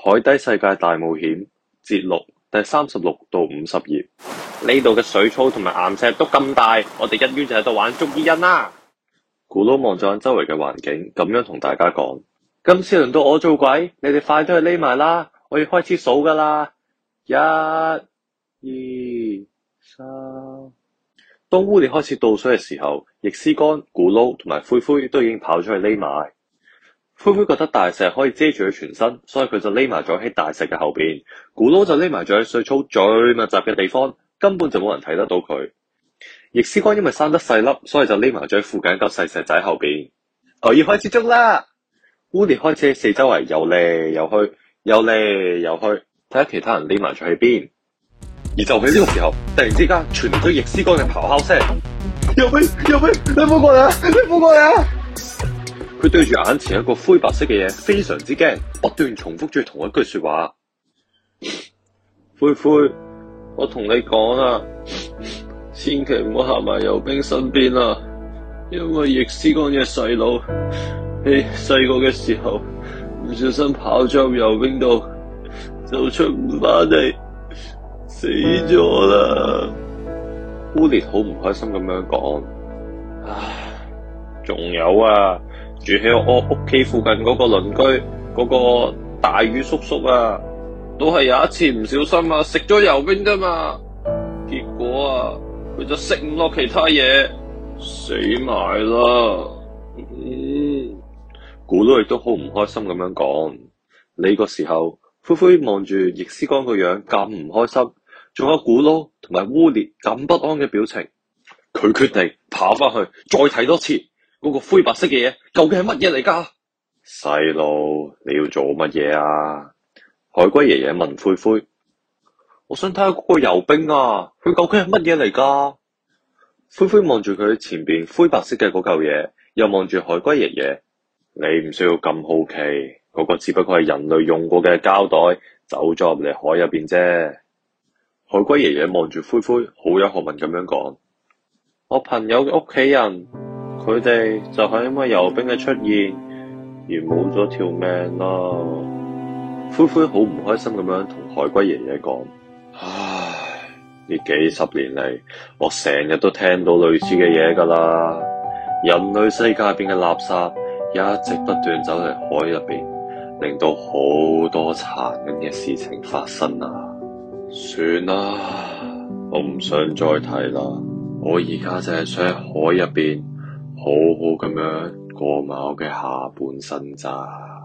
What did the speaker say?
海底世界大冒險節錄第三十六到五十頁。呢度嘅水草同埋岩石都咁大，我哋一於就喺度玩捉伊人啦、啊。咕撈望咗眼周圍嘅環境，咁樣同大家講：今次輪到我做鬼，你哋快都去匿埋啦！我要開始數噶啦，一、二、三。當烏狸開始倒水嘅時候，易思乾、咕撈同埋灰灰都已經跑出去匿埋。灰灰覺得大石可以遮住佢全身，所以佢就匿埋咗喺大石嘅後邊。古佬就匿埋咗喺水草最密集嘅地方，根本就冇人睇得到佢。易獅哥因為生得細粒，所以就匿埋咗喺附近一嚿細石仔後邊。我要開始捉啦！污尼開始四周圍游嚟游去，游嚟游去，睇下其他人匿埋咗喺邊。而就喺呢個時候，突然之間傳來咗易獅哥嘅咆哮聲：有冇有冇你唔過嚟？你唔過嚟？佢對住眼前一個灰白色嘅嘢，非常之驚，不斷重複住同一句說話：灰灰，我同你講啦，千祈唔好行埋游冰身邊啦，因為易思光嘅細佬你細個嘅時候唔小心跑咗入游冰度，就出唔翻嚟，死咗啦！烏烈好唔開心咁樣講，唉，仲有啊！住喺我屋企附近嗰個鄰居嗰、嗰個大魚叔叔啊，都係有一次唔小心啊，食咗油冰啫嘛，結果啊，佢就食唔落其他嘢，死埋啦！咕嚕亦都好唔開心咁樣講。呢個時候灰灰望住易思光個樣咁唔開心，仲有咕嚕同埋污烈咁不安嘅表情，佢決定跑翻去再睇多次。嗰個灰白色嘅嘢究竟係乜嘢嚟噶？細路，你要做乜嘢啊？海龜爺爺問灰灰。我想睇下嗰個游兵啊，佢究竟係乜嘢嚟噶？灰灰望住佢前邊灰白色嘅嗰嚿嘢，又望住海龜爺爺。你唔需要咁好奇，嗰個只不過係人類用過嘅膠袋，走咗入嚟海入邊啫。海龜爺爺望住灰灰，好有學問咁樣講。我朋友嘅屋企人，佢哋就係因為游兵嘅出現而冇咗條命啦。灰灰好唔開心咁樣同海龜爺爺講：唉，呢幾十年嚟，我成日都聽到類似嘅嘢噶啦。人類世界入邊嘅垃圾一直不斷走嚟海入邊，令到好多殘忍嘅事情發生啊！算啦，我唔想再睇啦。我而家淨係想喺海入邊。好好咁樣過埋我嘅下半生咋。